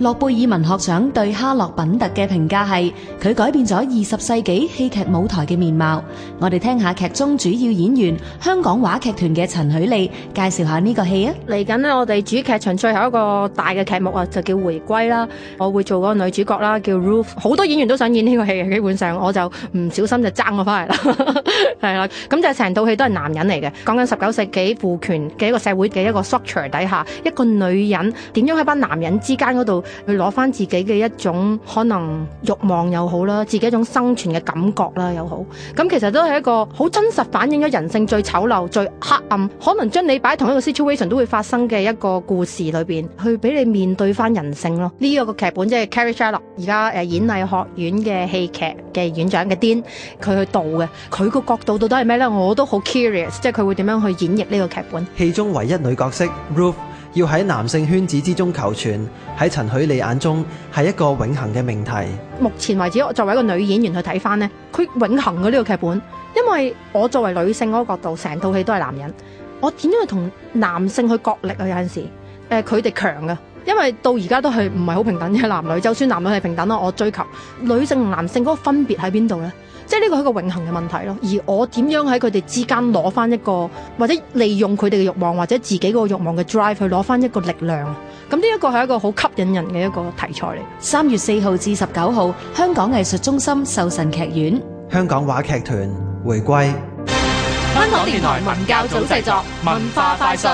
諾貝爾文學獎對哈洛品特嘅評價係佢改變咗二十世紀戲劇舞台嘅面貌。我哋聽下劇中主要演員香港話劇團嘅陳許利介紹下呢個戲啊！嚟緊咧，我哋主劇場最後一個大嘅劇目啊，就叫回歸啦。我會做個女主角啦，叫 Ruth。好多演員都想演呢個戲嘅，基本上我就唔小心就爭咗翻嚟啦。係 啦，咁就成套戲都係男人嚟嘅，講緊十九世紀父權嘅一個社會嘅一個 structure 底下，一個女人點樣喺班男人之間嗰度。去攞翻自己嘅一種可能欲望又好啦，自己一種生存嘅感覺啦又好，咁其實都係一個好真實反映咗人性最醜陋、最黑暗，可能將你擺喺同一個 situation 都會發生嘅一個故事裏邊，去俾你面對翻人性咯。呢一個劇本即係、就是、Carrie Sheller 而家誒演藝學院嘅戲劇嘅院長嘅 Dean，佢去導嘅，佢個角度到底係咩呢？我都好 curious，即係佢會點樣去演繹呢個劇本。戲中唯一女角色 Ruth 要喺男性圈子之中求存，喺陳許利眼中係一個永恆嘅命題。目前為止，我作為一個女演員去睇翻呢佢永恆嘅呢個劇本，因為我作為女性嗰個角度，成套戲都係男人，我點樣去同男性去角力啊？有陣時，誒，佢哋強㗎。因為到而家都係唔係好平等嘅男女，就算男女係平等啦，我追求女性同男性嗰個分別喺邊度呢？即係呢個係一個永恆嘅問題咯。而我點樣喺佢哋之間攞翻一個，或者利用佢哋嘅欲望，或者自己個欲望嘅 drive 去攞翻一個力量。咁呢一個係一個好吸引人嘅一個題材嚟。三月四號至十九號，香港藝術中心壽臣劇院，香港話劇團回歸。香港電台文教組製作文化快訊。